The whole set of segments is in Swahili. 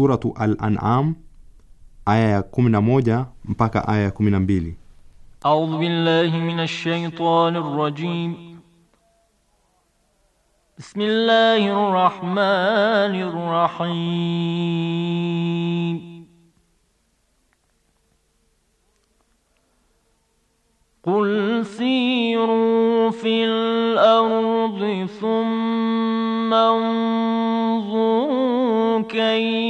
suratu Al-An'am aya ya 11 mpaka aya ya 12. A'udhu billahi minash shaitani rrajim. Bismillahir rahmanir rahim. قل سيروا في الأرض ثم انظروا كيف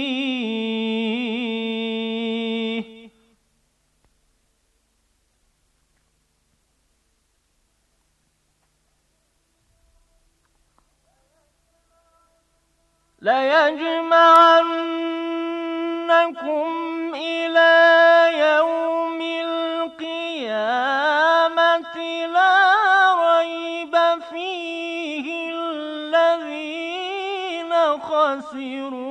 ليجمعنكم إلى يوم القيامة لا ريب فيه الذين خسروا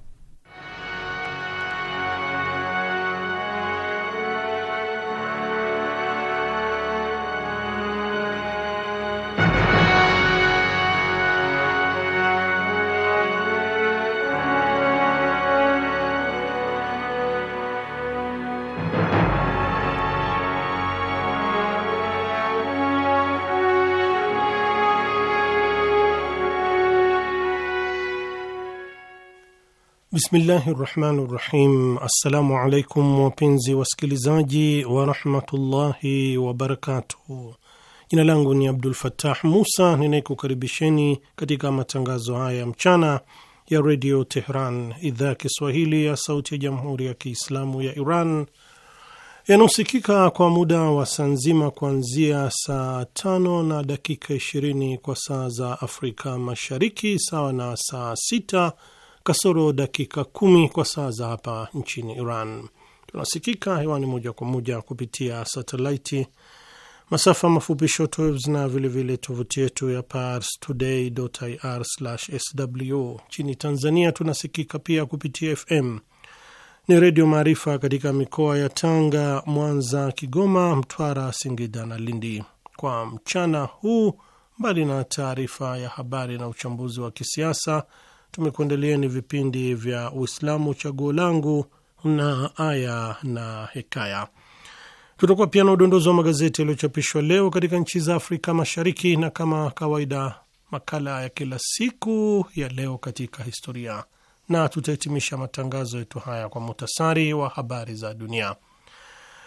Bismillahi rahmani rahim. Assalamu alaikum wapenzi wasikilizaji warahmatullahi wabarakatuh. Jina langu ni Abdul Fattah Musa ninayekukaribisheni katika matangazo haya ya mchana ya redio Tehran, idhaa ya Kiswahili ya sauti ya jamhuri ya Kiislamu ya Iran yanaosikika kwa muda wa saa nzima kuanzia saa tano na dakika ishirini kwa saa za Afrika Mashariki, sawa na saa sita kasoro dakika kumi kwa saa za hapa nchini Iran. Tunasikika hewani moja kwa moja kupitia satelaiti, masafa mafupi shortwaves na vilevile tovuti yetu ya ir sw Nchini Tanzania tunasikika pia kupitia FM ni Redio Maarifa katika mikoa ya Tanga, Mwanza, Kigoma, Mtwara, Singida na Lindi. Kwa mchana huu, mbali na taarifa ya habari na uchambuzi wa kisiasa tumekuandalieni vipindi vya Uislamu, Chaguo Langu na Aya na Hekaya. Tutakuwa pia na udondozi wa magazeti yaliyochapishwa leo katika nchi za Afrika Mashariki, na kama kawaida makala ya kila siku ya Leo katika Historia, na tutahitimisha matangazo yetu haya kwa muhtasari wa habari za dunia.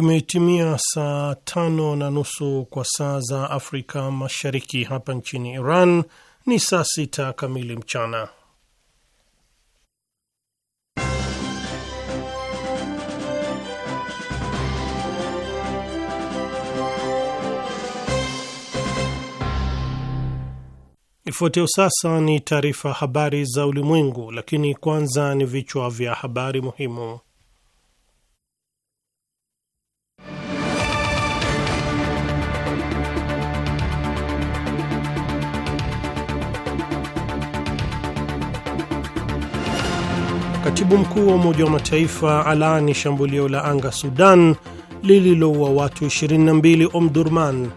Imetimia saa tano na nusu kwa saa za Afrika Mashariki. Hapa nchini Iran ni saa sita kamili mchana. ifuatio sasa ni taarifa habari za ulimwengu, lakini kwanza ni vichwa vya habari muhimu. Katibu mkuu wa Umoja wa Mataifa alaani shambulio la anga Sudan lililoua watu 22 Omdurman.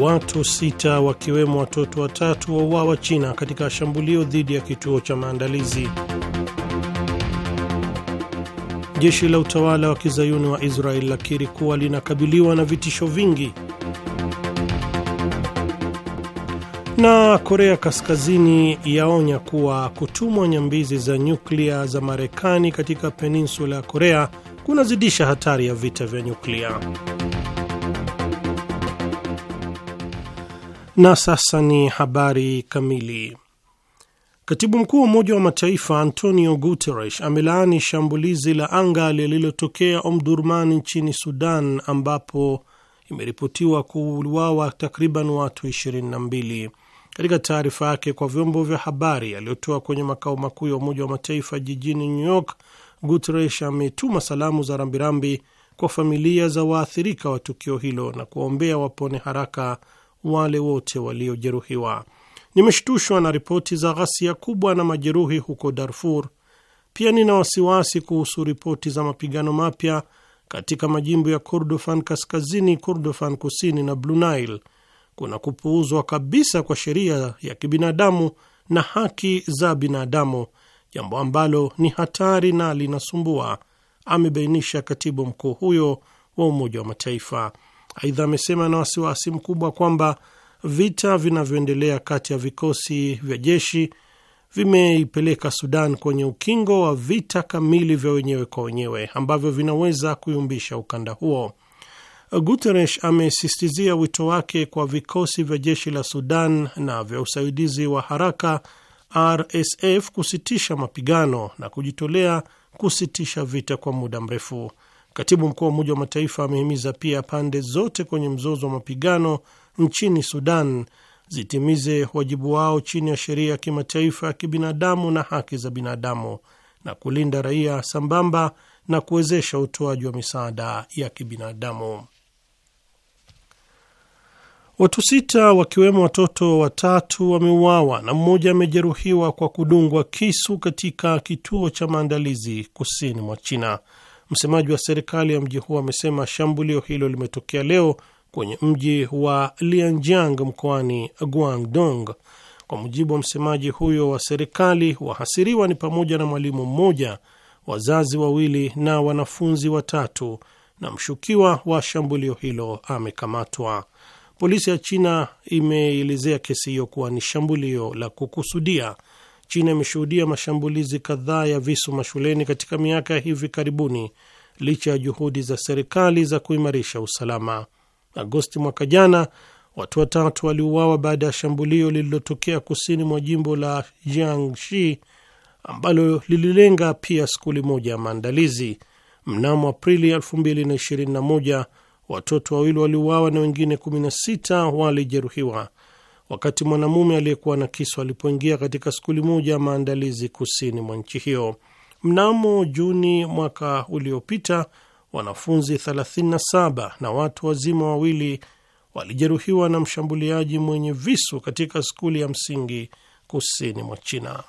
Watu sita wakiwemo watoto watatu wauawa China katika shambulio dhidi ya kituo cha maandalizi. Jeshi la utawala wa kizayuni wa Israel lakiri kuwa linakabiliwa na vitisho vingi Na Korea Kaskazini yaonya kuwa kutumwa nyambizi za nyuklia za Marekani katika peninsula ya Korea kunazidisha hatari ya vita vya nyuklia. Na sasa ni habari kamili. Katibu mkuu wa Umoja wa Mataifa Antonio Guterres amelaani shambulizi la anga lililotokea Omdurman nchini Sudan ambapo imeripotiwa kuuawa takriban watu 22. Katika taarifa yake kwa vyombo vya habari aliyotoa kwenye makao makuu ya Umoja wa Mataifa jijini New York, Guterres ametuma salamu za rambirambi kwa familia za waathirika wa tukio hilo na kuwaombea wapone haraka wale wote waliojeruhiwa. Nimeshtushwa na ripoti za ghasia kubwa na majeruhi huko Darfur. Pia nina wasiwasi kuhusu ripoti za mapigano mapya katika majimbo ya Kordofan Kaskazini, Kordofan Kusini na Blue Nile kuna kupuuzwa kabisa kwa sheria ya kibinadamu na haki za binadamu, jambo ambalo ni hatari na linasumbua, amebainisha katibu mkuu huyo wa Umoja wa Mataifa. Aidha, amesema na wasiwasi mkubwa kwamba vita vinavyoendelea kati ya vikosi vya jeshi vimeipeleka Sudan kwenye ukingo wa vita kamili vya wenyewe kwa wenyewe ambavyo vinaweza kuyumbisha ukanda huo. Guterres amesistizia wito wake kwa vikosi vya jeshi la Sudan na vya usaidizi wa haraka RSF kusitisha mapigano na kujitolea kusitisha vita kwa muda mrefu. Katibu mkuu wa Umoja wa Mataifa amehimiza pia pande zote kwenye mzozo wa mapigano nchini Sudan zitimize wajibu wao chini ya sheria ya kimataifa ya kibinadamu na haki za binadamu na kulinda raia sambamba na kuwezesha utoaji wa misaada ya kibinadamu. Watu sita wakiwemo watoto watatu wameuawa na mmoja amejeruhiwa kwa kudungwa kisu katika kituo cha maandalizi kusini mwa China. Msemaji wa serikali ya mji huo amesema shambulio hilo limetokea leo kwenye mji wa Lianjiang mkoani Guangdong. Kwa mujibu wa msemaji huyo wa serikali, wahasiriwa ni pamoja na mwalimu mmoja, wazazi wawili na wanafunzi watatu, na mshukiwa wa shambulio hilo amekamatwa. Polisi ya China imeelezea kesi hiyo kuwa ni shambulio la kukusudia. China imeshuhudia mashambulizi kadhaa ya visu mashuleni katika miaka ya hivi karibuni licha ya juhudi za serikali za kuimarisha usalama. Agosti mwaka jana watu watatu waliuawa baada ya shambulio lililotokea kusini mwa jimbo la Jiangxi ambalo lililenga pia skuli moja ya maandalizi. Mnamo Aprili 2021 watoto wawili waliuawa na wengine 16 walijeruhiwa wakati mwanamume aliyekuwa na kisu alipoingia katika skuli moja ya maandalizi kusini mwa nchi hiyo. Mnamo Juni mwaka uliopita, wanafunzi 37 na watu wazima wawili walijeruhiwa na mshambuliaji mwenye visu katika skuli ya msingi kusini mwa China.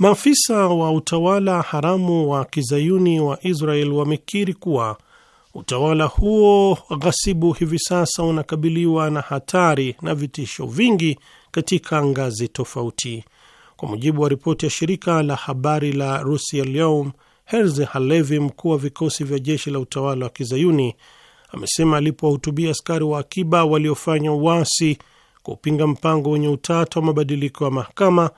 Maafisa wa utawala haramu wa kizayuni wa Israel wamekiri kuwa utawala huo ghasibu hivi sasa unakabiliwa na hatari na vitisho vingi katika ngazi tofauti. Kwa mujibu wa ripoti ya shirika la habari la Rusia Lyaum, Herzi Halevi, mkuu wa vikosi vya jeshi la utawala wa kizayuni, amesema alipowahutubia askari wa akiba waliofanya uasi kupinga mpango wenye utata wa mabadiliko ya mahakama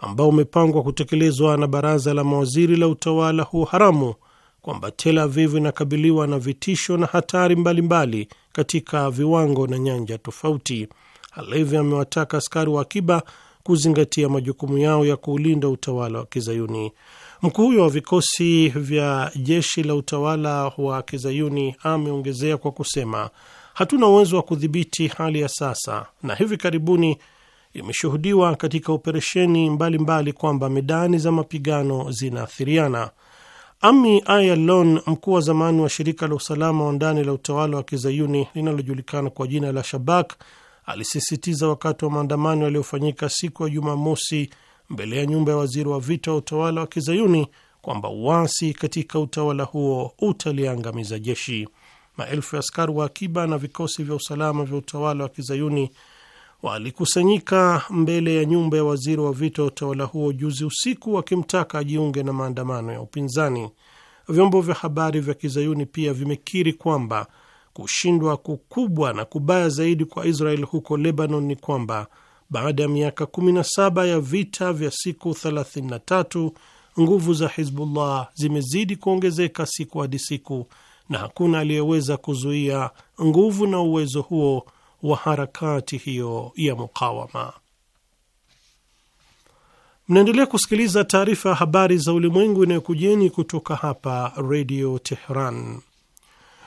ambao umepangwa kutekelezwa na baraza la mawaziri la utawala huu haramu kwamba Tel Aviv inakabiliwa na vitisho na hatari mbalimbali mbali katika viwango na nyanja tofauti. Halevi amewataka askari wa akiba kuzingatia majukumu yao ya kuulinda utawala wa kizayuni. Mkuu huyo wa vikosi vya jeshi la utawala wa kizayuni ameongezea kwa kusema, hatuna uwezo wa kudhibiti hali ya sasa na hivi karibuni imeshuhudiwa katika operesheni mbalimbali kwamba medani za mapigano zinaathiriana. Ami Ayalon, mkuu wa zamani wa shirika la usalama wa ndani la utawala wa kizayuni linalojulikana kwa jina la Shabak, alisisitiza wakati wa maandamano yaliyofanyika siku ya Jumamosi mbele ya nyumba ya waziri wa vita wa utawala wa kizayuni kwamba uasi katika utawala huo utaliangamiza jeshi. Maelfu ya askari wa akiba na vikosi vya usalama vya utawala wa kizayuni walikusanyika mbele ya nyumba ya waziri wa vita wa utawala huo juzi usiku wakimtaka ajiunge na maandamano ya upinzani. Vyombo vya habari vya kizayuni pia vimekiri kwamba kushindwa kukubwa na kubaya zaidi kwa Israel huko Lebanon ni kwamba baada ya miaka 17 ya vita vya siku 33 nguvu za Hizbullah zimezidi kuongezeka siku hadi siku, na hakuna aliyeweza kuzuia nguvu na uwezo huo wa harakati hiyo ya mukawama. Mnaendelea kusikiliza taarifa ya habari za ulimwengu inayokujeni kutoka hapa redio Tehran.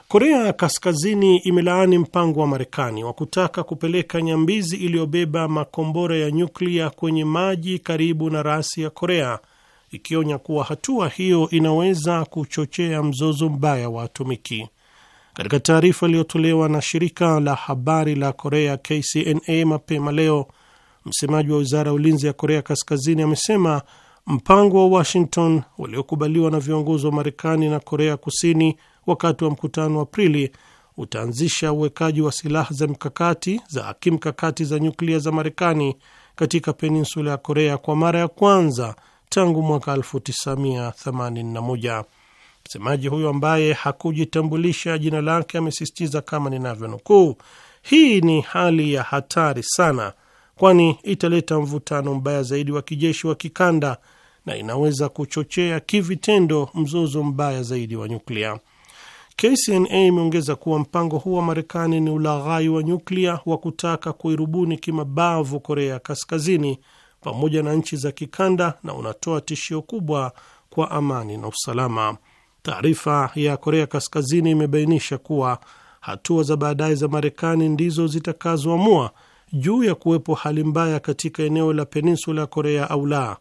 Korea Kaskazini imelaani mpango wa Marekani wa kutaka kupeleka nyambizi iliyobeba makombora ya nyuklia kwenye maji karibu na rasi ya Korea, ikionya kuwa hatua hiyo inaweza kuchochea mzozo mbaya wa atomiki. Katika taarifa iliyotolewa na shirika la habari la Korea KCNA mapema leo, msemaji wa wizara ya ulinzi ya Korea Kaskazini amesema mpango wa Washington uliokubaliwa na viongozi wa Marekani na Korea Kusini wakati wa mkutano wa Aprili utaanzisha uwekaji wa silaha za mkakati za kimkakati za nyuklia za Marekani katika peninsula ya Korea kwa mara ya kwanza tangu mwaka 1981. Msemaji huyo ambaye hakujitambulisha jina lake amesisitiza kama ninavyonukuu, hii ni hali ya hatari sana, kwani italeta mvutano mbaya zaidi wa kijeshi wa kikanda na inaweza kuchochea kivitendo mzozo mbaya zaidi wa nyuklia. KCNA imeongeza kuwa mpango huu wa Marekani ni ulaghai wa nyuklia wa kutaka kuirubuni kimabavu Korea Kaskazini pamoja na nchi za kikanda na unatoa tishio kubwa kwa amani na usalama. Taarifa ya Korea Kaskazini imebainisha kuwa hatua za baadaye za Marekani ndizo zitakazoamua juu ya kuwepo hali mbaya katika eneo la peninsula ya Korea au la,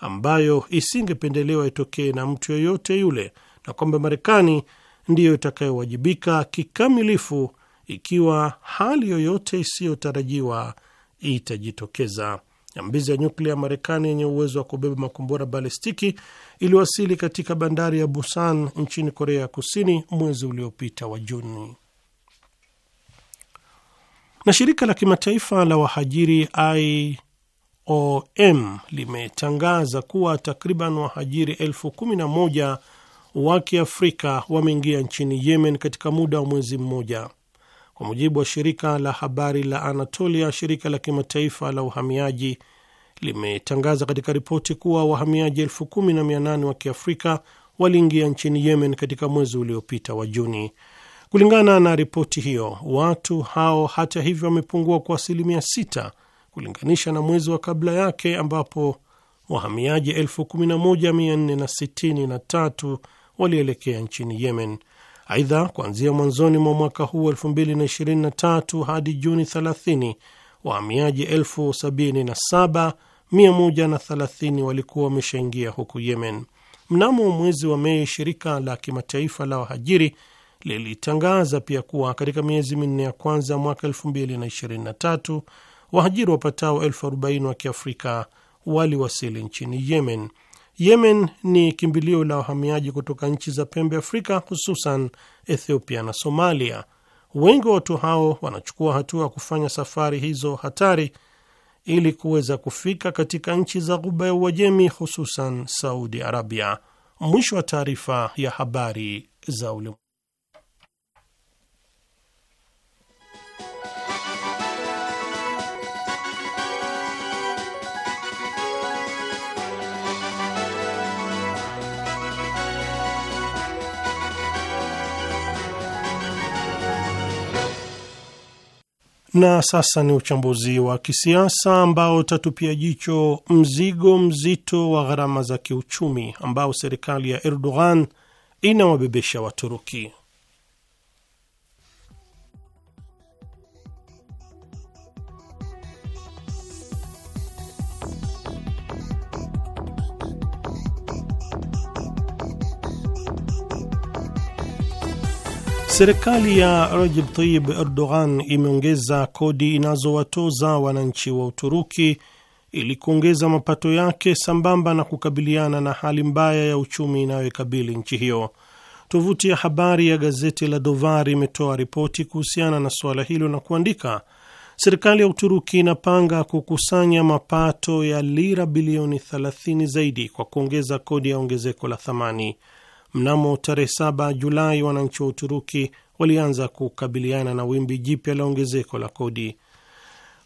ambayo isingependelewa itokee na mtu yoyote yule, na kwamba Marekani ndiyo itakayowajibika kikamilifu ikiwa hali yoyote isiyotarajiwa itajitokeza. Nyambizi ya nyuklia ya Marekani yenye uwezo wa kubeba makombora balistiki iliwasili katika bandari ya Busan nchini Korea ya Kusini mwezi uliopita wa Juni. Na shirika la kimataifa la wahajiri IOM limetangaza kuwa takriban wahajiri elfu kumi na moja wa Kiafrika wameingia nchini Yemen katika muda wa mwezi mmoja. Kwa mujibu wa shirika la habari la Anatolia, shirika la kimataifa la uhamiaji limetangaza katika ripoti kuwa wahamiaji elfu kumi na mia nane wa kiafrika waliingia nchini Yemen katika mwezi uliopita wa Juni. Kulingana na ripoti hiyo, watu hao hata hivyo wamepungua kwa asilimia sita kulinganisha na mwezi wa kabla yake ambapo wahamiaji 11463 walielekea nchini Yemen. Aidha, kuanzia mwanzoni mwa mwaka huu 2023 hadi Juni 30 wahamiaji 77130 walikuwa wameshaingia huku Yemen. Mnamo mwezi wa Mei, shirika la kimataifa la wahajiri lilitangaza pia kuwa katika miezi minne ya kwanza mwaka 2023 wahajiri wapatao 40 wa kiafrika waliwasili nchini Yemen. Yemen ni kimbilio la wahamiaji kutoka nchi za pembe Afrika, hususan Ethiopia na Somalia. Wengi wa watu hao wanachukua hatua ya kufanya safari hizo hatari ili kuweza kufika katika nchi za Ghuba ya Uajemi, hususan Saudi Arabia. Mwisho wa taarifa ya habari za ulimwengu. Na sasa ni uchambuzi wa kisiasa ambao utatupia jicho mzigo mzito wa gharama za kiuchumi ambao serikali ya Erdogan inawabebesha Waturuki. Serikali ya Recep Tayyip Erdogan imeongeza kodi inazowatoza wananchi wa Uturuki ili kuongeza mapato yake sambamba na kukabiliana na hali mbaya ya uchumi inayoikabili nchi hiyo. Tovuti ya habari ya gazeti la dovar imetoa ripoti kuhusiana na suala hilo na kuandika, serikali ya Uturuki inapanga kukusanya mapato ya lira bilioni 30 zaidi kwa kuongeza kodi ya ongezeko la thamani. Mnamo tarehe 7 Julai, wananchi wa Uturuki walianza kukabiliana na wimbi jipya la ongezeko la kodi.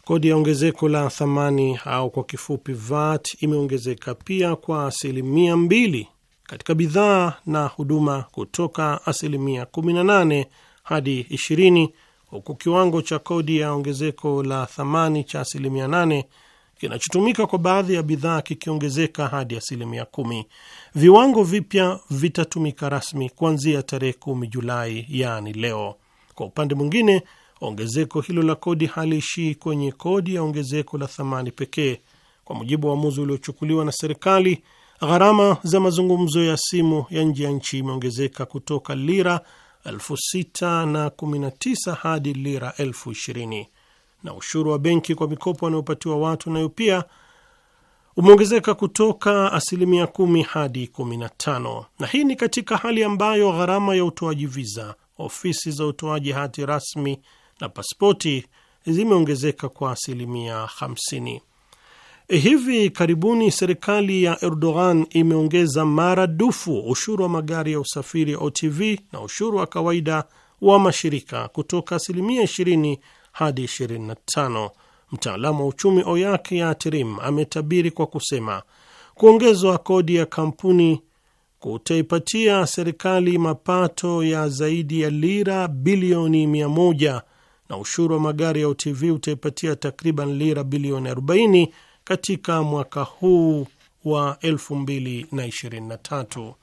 Kodi ya ongezeko la thamani au kwa kifupi VAT imeongezeka pia kwa asilimia mbili katika bidhaa na huduma kutoka asilimia 18 hadi 20 huku kiwango cha kodi ya ongezeko la thamani cha asilimia 8 kinachotumika kwa baadhi ya bidhaa kikiongezeka hadi asilimia kumi. Viwango vipya vitatumika rasmi kuanzia tarehe kumi Julai, yaani leo. Kwa upande mwingine, ongezeko hilo la kodi haliishii kwenye kodi ya ongezeko la thamani pekee. Kwa mujibu wa uamuzi uliochukuliwa na serikali, gharama za mazungumzo ya simu ya nje ya nchi imeongezeka kutoka lira 6 sita hadi lira elfu ishirini na ushuru wa benki kwa mikopo wanayopatiwa watu nayo pia umeongezeka kutoka asilimia kumi hadi kumi na tano, na hii ni katika hali ambayo gharama ya utoaji viza, ofisi za utoaji hati rasmi na paspoti zimeongezeka kwa asilimia E, Hivi karibuni serikali ya Erdogan imeongeza maradufu ushuru wa magari ya usafiri OTV na ushuru wa kawaida wa mashirika kutoka asilimia ishirini hadi 25. Mtaalamu wa uchumi ya trim ametabiri kwa kusema kuongezwa kodi ya kampuni kutaipatia serikali mapato ya zaidi ya lira bilioni 100 na ushuru wa magari ya UTV utaipatia takriban lira bilioni 40 katika mwaka huu wa 2023.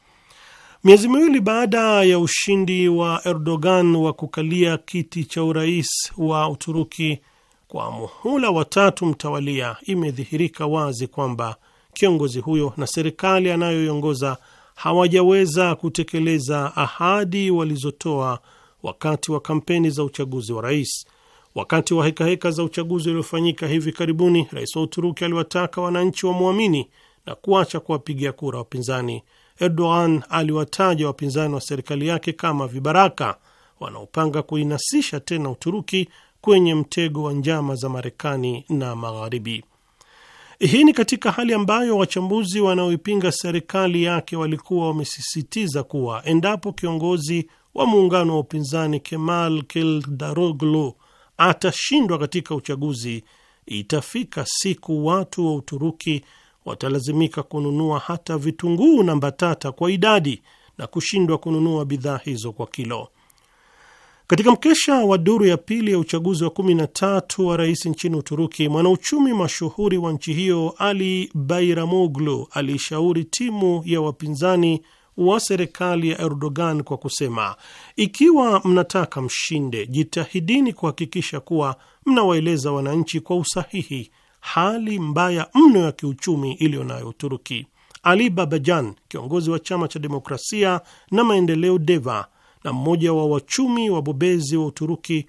Miezi miwili baada ya ushindi wa Erdogan wa kukalia kiti cha urais wa Uturuki kwa muhula wa tatu mtawalia, imedhihirika wazi kwamba kiongozi huyo na serikali anayoiongoza hawajaweza kutekeleza ahadi walizotoa wakati wa kampeni za uchaguzi wa rais. Wakati wa hekaheka za uchaguzi uliofanyika hivi karibuni, rais wa Uturuki aliwataka wananchi wamwamini na kuacha kuwapigia kura wapinzani. Erdogan aliwataja wapinzani wa serikali yake kama vibaraka wanaopanga kuinasisha tena Uturuki kwenye mtego wa njama za Marekani na Magharibi. Hii ni katika hali ambayo wachambuzi wanaoipinga serikali yake walikuwa wamesisitiza kuwa endapo kiongozi wa muungano wa upinzani Kemal Kılıçdaroğlu atashindwa katika uchaguzi, itafika siku watu wa Uturuki watalazimika kununua hata vitunguu na mbatata kwa idadi na kushindwa kununua bidhaa hizo kwa kilo. Katika mkesha wa duru ya pili ya uchaguzi wa 13 wa rais nchini Uturuki, mwanauchumi mashuhuri wa nchi hiyo Ali Bairamoglu alishauri timu ya wapinzani wa serikali ya Erdogan kwa kusema, ikiwa mnataka mshinde, jitahidini kuhakikisha kuwa mnawaeleza wananchi kwa usahihi hali mbaya mno ya kiuchumi iliyo nayo Uturuki. Ali Babajan, kiongozi wa chama cha demokrasia na maendeleo DEVA na mmoja wa wachumi wabobezi wa Uturuki,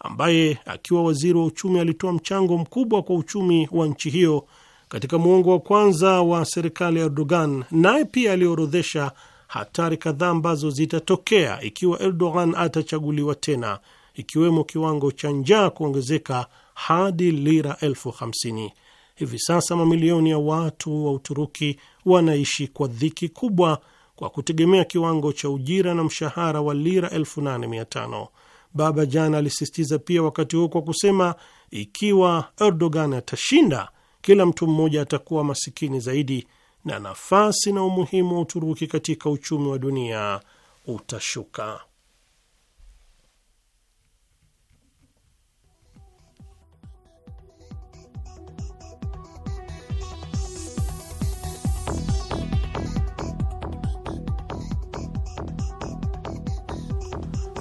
ambaye akiwa waziri wa uchumi alitoa mchango mkubwa kwa uchumi wa nchi hiyo katika muongo wa kwanza wa serikali ya Erdogan, naye pia aliorodhesha hatari kadhaa ambazo zitatokea ikiwa Erdogan atachaguliwa tena, ikiwemo kiwango cha njaa kuongezeka hadi lira elfu hamsini. Hivi sasa mamilioni ya watu wa Uturuki wanaishi kwa dhiki kubwa kwa kutegemea kiwango cha ujira na mshahara wa lira elfu nane mia tano. Baba jana alisisitiza pia wakati huo kwa kusema, ikiwa Erdogan atashinda, kila mtu mmoja atakuwa masikini zaidi na nafasi na umuhimu wa Uturuki katika uchumi wa dunia utashuka.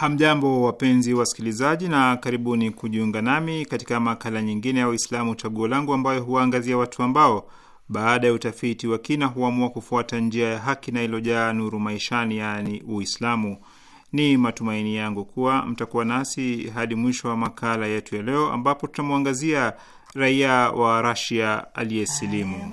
Hamjambo, wapenzi wasikilizaji, na karibuni kujiunga nami katika makala nyingine ya Uislamu Chaguo Langu, ambayo huwaangazia watu ambao baada ya utafiti wa kina huamua kufuata njia ya haki na ilojaa nuru maishani, yaani Uislamu. Ni matumaini yangu kuwa mtakuwa nasi hadi mwisho wa makala yetu ya leo, ambapo tutamwangazia raia wa Rasia aliyesilimu.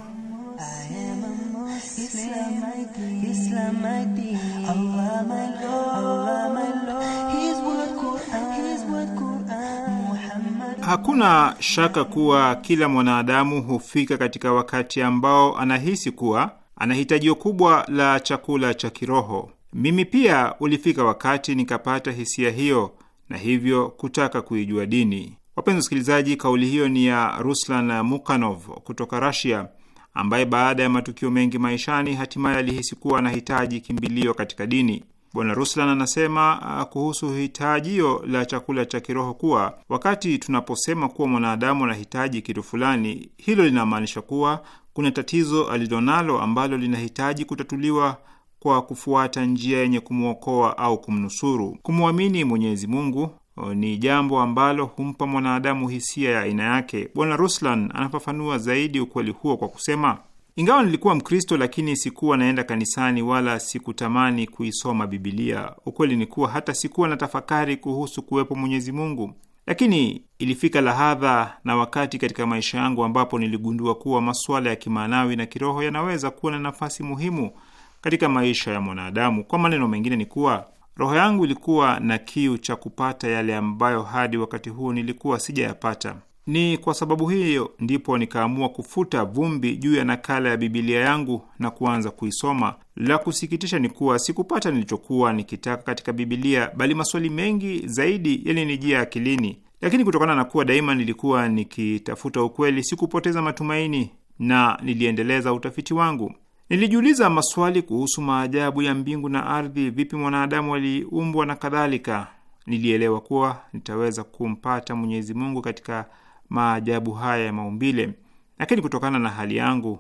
hakuna shaka kuwa kila mwanadamu hufika katika wakati ambao anahisi kuwa ana hitajio kubwa la chakula cha kiroho. Mimi pia ulifika wakati nikapata hisia hiyo na hivyo kutaka kuijua dini. Wapenzi wasikilizaji, kauli hiyo ni ya Ruslan Mukanov kutoka Rasia, ambaye baada ya matukio mengi maishani hatimaye alihisi kuwa anahitaji kimbilio katika dini. Bwana Ruslan anasema ah, kuhusu hitajio la chakula cha kiroho kuwa wakati tunaposema kuwa mwanadamu anahitaji kitu fulani, hilo linamaanisha kuwa kuna tatizo alilonalo ambalo linahitaji kutatuliwa kwa kufuata njia yenye kumwokoa au kumnusuru. Kumwamini Mwenyezi Mungu ni jambo ambalo humpa mwanadamu hisia ya aina yake. Bwana Ruslan anafafanua zaidi ukweli huo kwa kusema ingawa nilikuwa Mkristo, lakini sikuwa naenda kanisani wala sikutamani kuisoma Bibilia. Ukweli ni kuwa hata sikuwa na tafakari kuhusu kuwepo Mwenyezi Mungu, lakini ilifika lahadha na wakati katika maisha yangu ambapo niligundua kuwa masuala ya kimaanawi na kiroho yanaweza kuwa na nafasi muhimu katika maisha ya mwanadamu. Kwa maneno mengine, ni kuwa roho yangu ilikuwa na kiu cha kupata yale ambayo hadi wakati huu nilikuwa sijayapata. Ni kwa sababu hiyo ndipo nikaamua kufuta vumbi juu ya nakala ya Bibilia yangu na kuanza kuisoma. La kusikitisha ni kuwa sikupata nilichokuwa nikitaka katika Bibilia, bali maswali mengi zaidi yalinijia akilini. Lakini kutokana na kuwa daima nilikuwa nikitafuta ukweli, sikupoteza matumaini na niliendeleza utafiti wangu. Nilijiuliza maswali kuhusu maajabu ya mbingu na ardhi, vipi mwanadamu aliumbwa na kadhalika. Nilielewa kuwa nitaweza kumpata Mwenyezi Mungu katika maajabu haya ya maumbile, lakini kutokana na hali yangu,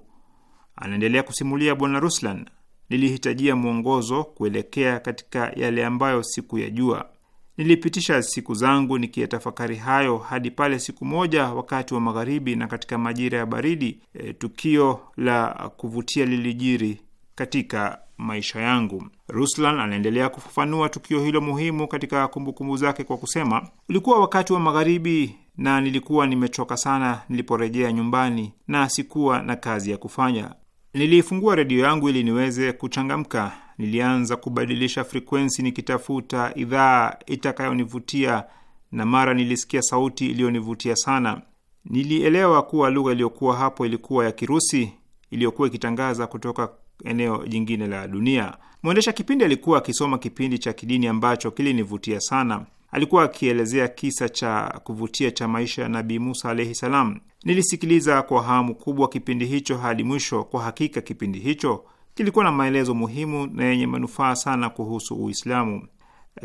anaendelea kusimulia Bwana Ruslan, nilihitajia mwongozo kuelekea katika yale ambayo sikuyajua. Nilipitisha siku zangu nikiyatafakari hayo hadi pale siku moja wakati wa magharibi na katika majira ya baridi, e, tukio la kuvutia lilijiri katika maisha yangu. Ruslan anaendelea kufafanua tukio hilo muhimu katika kumbukumbu zake kwa kusema, ulikuwa wakati wa magharibi na nilikuwa nimechoka sana niliporejea nyumbani na sikuwa na kazi ya kufanya. Niliifungua redio yangu ili niweze kuchangamka. Nilianza kubadilisha frekwensi nikitafuta idhaa itakayonivutia, na mara nilisikia sauti iliyonivutia sana. Nilielewa kuwa lugha iliyokuwa hapo ilikuwa ya Kirusi iliyokuwa ikitangaza kutoka eneo jingine la dunia. Mwendesha kipindi alikuwa akisoma kipindi cha kidini ambacho kilinivutia sana. Alikuwa akielezea kisa cha kuvutia cha maisha ya Nabii Musa alaihi salam. Nilisikiliza kwa hamu kubwa kipindi hicho hadi mwisho. Kwa hakika kipindi hicho kilikuwa na maelezo muhimu na yenye manufaa sana kuhusu Uislamu.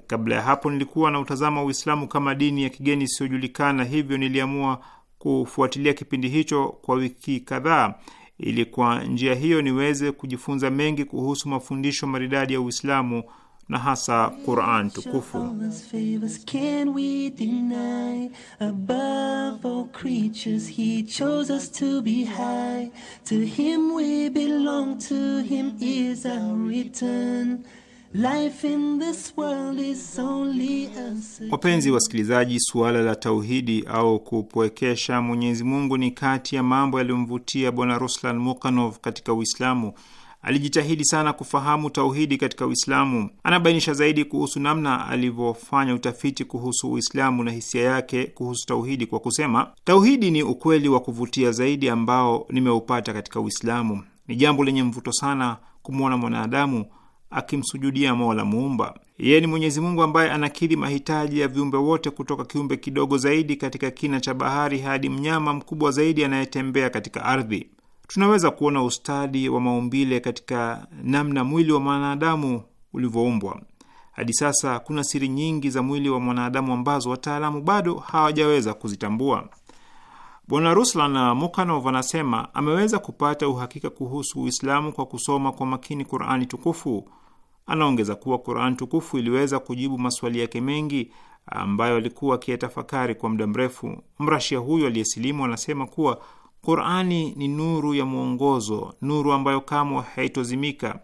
Kabla ya hapo nilikuwa na utazama Uislamu kama dini ya kigeni isiyojulikana, hivyo niliamua kufuatilia kipindi hicho kwa wiki kadhaa, ili kwa njia hiyo niweze kujifunza mengi kuhusu mafundisho maridadi ya Uislamu na hasa Quran tukufu. Wapenzi wasikilizaji, suala la tauhidi au kupwekesha Mwenyezi Mungu ni kati ya mambo yaliyomvutia Bwana Ruslan Mukanov katika Uislamu alijitahidi sana kufahamu tauhidi katika Uislamu. Anabainisha zaidi kuhusu namna alivyofanya utafiti kuhusu Uislamu na hisia yake kuhusu tauhidi kwa kusema, tauhidi ni ukweli wa kuvutia zaidi ambao nimeupata katika Uislamu. Ni jambo lenye mvuto sana kumwona mwanadamu akimsujudia Mola Muumba. Yeye ni Mwenyezi Mungu ambaye anakidhi mahitaji ya viumbe wote, kutoka kiumbe kidogo zaidi katika kina cha bahari hadi mnyama mkubwa zaidi anayetembea katika ardhi tunaweza kuona ustadi wa maumbile katika namna mwili wa mwanadamu ulivyoumbwa. Hadi sasa kuna siri nyingi za mwili wa mwanadamu ambazo wataalamu bado hawajaweza kuzitambua. Bwana Ruslan Mukanov anasema ameweza kupata uhakika kuhusu Uislamu kwa kusoma kwa makini Qurani tukufu. Anaongeza kuwa Qurani tukufu iliweza kujibu maswali yake mengi ambayo alikuwa akiyatafakari kwa muda mrefu. mrashia huyo aliyesilimu anasema kuwa Qurani ni nuru ya mwongozo, nuru ambayo kamwe haitozimika.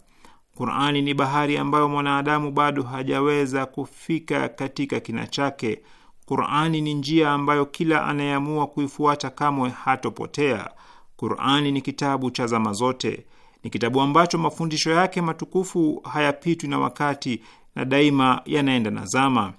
Qurani ni bahari ambayo mwanadamu bado hajaweza kufika katika kina chake. Qurani ni njia ambayo kila anayeamua kuifuata kamwe hatopotea. Qurani ni kitabu cha zama zote, ni kitabu ambacho mafundisho yake matukufu hayapitwi na wakati na daima yanaenda na zama.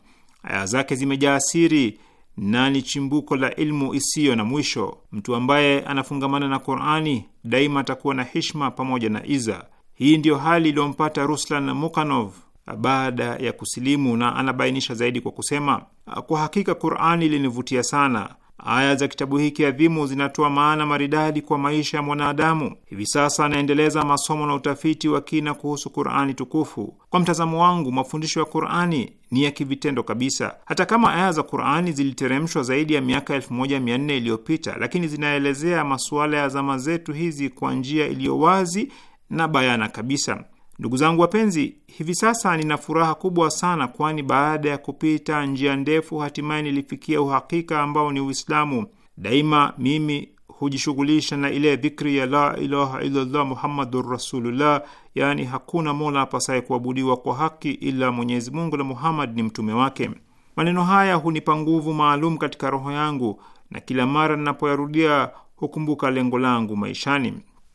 Aya zake zimejaa siri na ni chimbuko la ilmu isiyo na mwisho. Mtu ambaye anafungamana na Qurani daima atakuwa na hishma pamoja na iza. Hii ndiyo hali iliyompata Ruslan Mukanov baada ya kusilimu, na anabainisha zaidi kwa kusema, kwa hakika Qurani ilinivutia sana Aya za kitabu hiki adhimu zinatoa maana maridadi kwa maisha ya mwanadamu. Hivi sasa anaendeleza masomo na utafiti wa kina kuhusu Qur'ani tukufu. Kwa mtazamo wangu, mafundisho ya Qur'ani ni ya kivitendo kabisa. Hata kama aya za Qur'ani ziliteremshwa zaidi ya miaka 1400 iliyopita, lakini zinaelezea masuala ya zama zetu hizi kwa njia iliyo wazi na bayana kabisa. Ndugu zangu wapenzi, hivi sasa nina furaha kubwa sana, kwani baada ya kupita njia ndefu, hatimaye nilifikia uhakika ambao ni Uislamu. Daima mimi hujishughulisha na ile dhikri ya la ilaha illallah muhammadur rasulullah, yaani hakuna mola apasaye kuabudiwa kwa haki ila Mwenyezi Mungu na Muhammad ni mtume wake. Maneno haya hunipa nguvu maalum katika roho yangu na kila mara ninapoyarudia hukumbuka lengo langu maishani.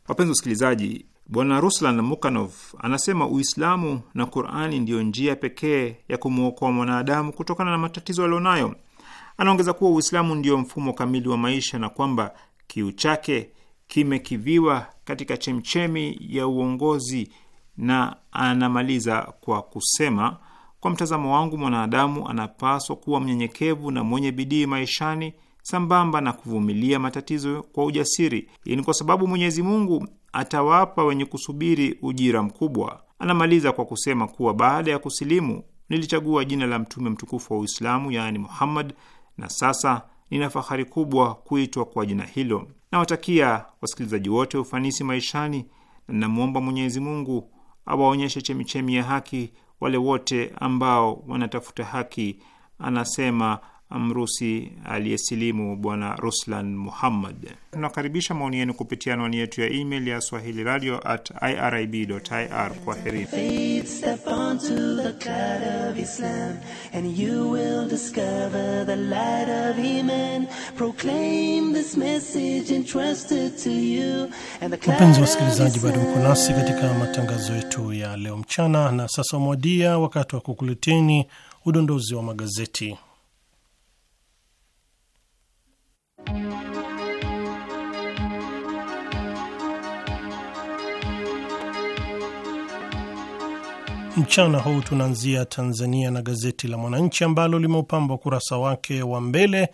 Wapenzi wasikilizaji, Bwana Ruslan Mukanov anasema Uislamu na Qurani ndiyo njia pekee ya kumwokoa mwanadamu kutokana na matatizo alionayo. Anaongeza kuwa Uislamu ndiyo mfumo kamili wa maisha na kwamba kiu chake kimekiviwa katika chemchemi ya uongozi, na anamaliza kwa kusema, kwa mtazamo wangu, mwanadamu anapaswa kuwa mnyenyekevu na mwenye bidii maishani sambamba na kuvumilia matatizo kwa ujasiri. Hii ni kwa sababu Mwenyezi Mungu atawapa wenye kusubiri ujira mkubwa. Anamaliza kwa kusema kuwa baada ya kusilimu nilichagua jina la mtume mtukufu wa Uislamu, yaani Muhammad, na sasa nina fahari kubwa kuitwa kwa jina hilo. Nawatakia wasikilizaji wote ufanisi maishani na namwomba Mwenyezi Mungu awaonyeshe chemichemi ya haki wale wote ambao wanatafuta haki. Anasema Mrusi aliyesilimu Bwana Ruslan Muhammad. Tunakaribisha maoni yenu kupitia anwani yetu ya email ya swahili radio at irib ir. Kwa heri. Wapenzi wasikilizaji, bado mko nasi katika matangazo yetu ya leo mchana, na sasa umewadia wakati wa kukuleteni udondozi wa magazeti. Mchana huu tunaanzia Tanzania na gazeti la Mwananchi ambalo limeupamba ukurasa wake wa mbele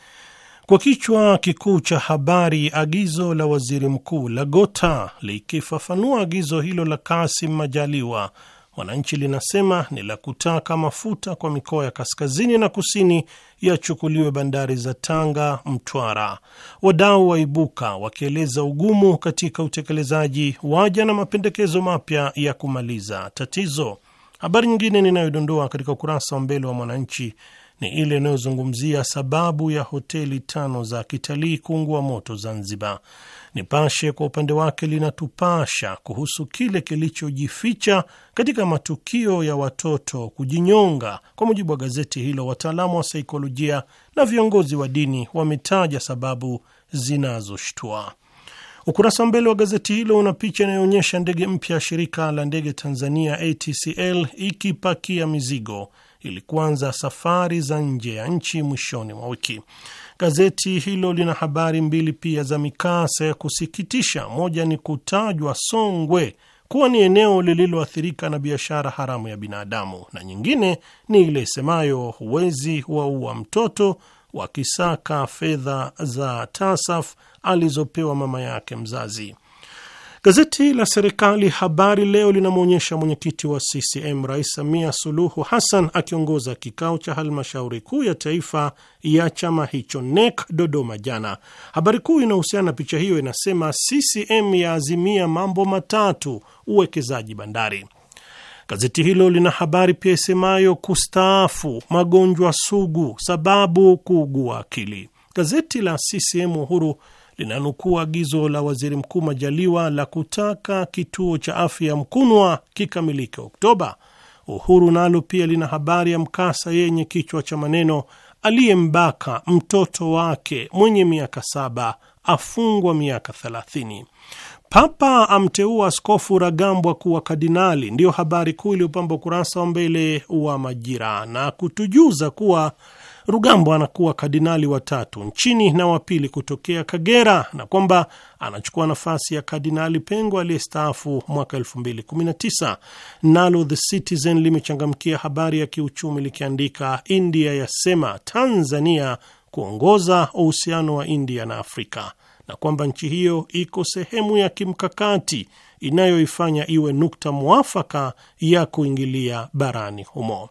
kwa kichwa kikuu cha habari, agizo la waziri mkuu la gota, likifafanua agizo hilo la Kasim Majaliwa Wananchi linasema ni la kutaka mafuta kwa mikoa ya kaskazini na kusini yachukuliwe bandari za Tanga, Mtwara. Wadau waibuka wakieleza ugumu katika utekelezaji, waja na mapendekezo mapya ya kumaliza tatizo. Habari nyingine ninayodondoa katika ukurasa wa mbele wa Mwananchi ni ile inayozungumzia sababu ya hoteli tano za kitalii kuungua moto Zanzibar. Nipashe kwa upande wake linatupasha kuhusu kile kilichojificha katika matukio ya watoto kujinyonga. Kwa mujibu wa gazeti hilo, wataalamu wa saikolojia na viongozi wa dini wametaja sababu zinazoshtua. Ukurasa wa mbele wa gazeti hilo una picha inayoonyesha ndege mpya ya shirika la ndege Tanzania ATCL ikipakia mizigo ili kuanza safari za nje ya nchi mwishoni mwa wiki. Gazeti hilo lina habari mbili pia za mikasa ya kusikitisha. Moja ni kutajwa Songwe kuwa ni eneo lililoathirika na biashara haramu ya binadamu, na nyingine ni ile isemayo wezi waua mtoto wakisaka fedha za TASAF alizopewa mama yake mzazi. Gazeti la serikali Habari Leo linamwonyesha mwenyekiti wa CCM Rais Samia Suluhu Hassan akiongoza kikao cha halmashauri kuu ya taifa ya chama hicho NEC Dodoma jana. Habari kuu inahusiana na picha hiyo inasema CCM yaazimia mambo matatu, uwekezaji bandari. Gazeti hilo lina habari pia isemayo kustaafu, magonjwa sugu, sababu kuugua akili. Gazeti la CCM Uhuru linanukuu agizo la waziri mkuu Majaliwa la kutaka kituo cha afya Mkunwa kikamilike Oktoba. Uhuru nalo pia lina habari ya mkasa yenye kichwa cha maneno aliyembaka mtoto wake mwenye miaka saba afungwa miaka thelathini. Papa amteua Askofu Ragambwa kuwa kardinali, ndiyo habari kuu iliyopamba ukurasa wa mbele wa Majira na kutujuza kuwa rugambo anakuwa kardinali wa tatu nchini na wa pili kutokea Kagera, na kwamba anachukua nafasi ya Kardinali Pengo aliyestaafu mwaka 2019. Nalo The Citizen limechangamkia habari ya kiuchumi likiandika, India yasema Tanzania kuongoza uhusiano wa India na Afrika, na kwamba nchi hiyo iko sehemu ya kimkakati inayoifanya iwe nukta mwafaka ya kuingilia barani humo.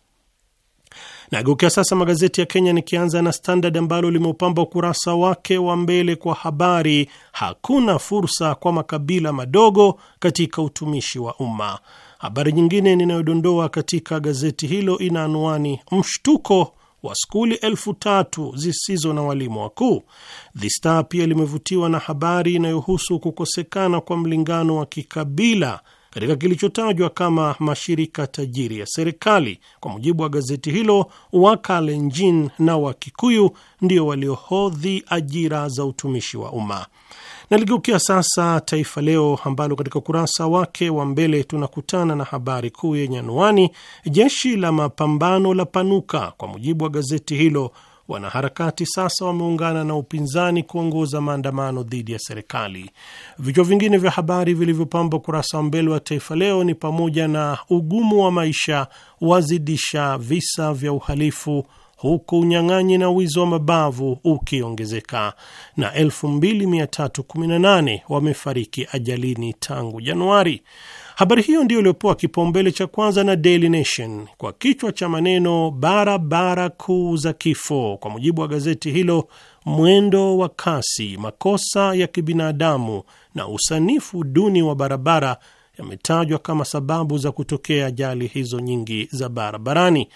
Nageukia sasa magazeti ya Kenya, nikianza na Standard ambalo limeupamba ukurasa wake wa mbele kwa habari hakuna fursa kwa makabila madogo katika utumishi wa umma. Habari nyingine ninayodondoa katika gazeti hilo ina anwani mshtuko wa skuli elfu tatu zisizo na walimu wakuu. The Star pia limevutiwa na habari inayohusu kukosekana kwa mlingano wa kikabila katika kilichotajwa kama mashirika tajiri ya serikali. Kwa mujibu wa gazeti hilo, Wakalenjin na Wakikuyu ndio waliohodhi ajira za utumishi wa umma. Naligeukia sasa Taifa Leo ambalo katika ukurasa wake wa mbele tunakutana na habari kuu yenye anwani jeshi la mapambano la panuka. Kwa mujibu wa gazeti hilo Wanaharakati sasa wameungana na upinzani kuongoza maandamano dhidi ya serikali. Vichwa vingine vya habari vilivyopamba kurasa wa mbele wa Taifa Leo ni pamoja na ugumu wa maisha wazidisha visa vya uhalifu huku unyang'anyi na wizi wa mabavu ukiongezeka, na 2318 wamefariki ajalini tangu Januari. Habari hiyo ndiyo iliyopewa kipaumbele cha kwanza na Daily Nation kwa kichwa cha maneno barabara kuu za kifo. Kwa mujibu wa gazeti hilo, mwendo wa kasi, makosa ya kibinadamu na usanifu duni wa barabara yametajwa kama sababu za kutokea ajali hizo nyingi za barabarani.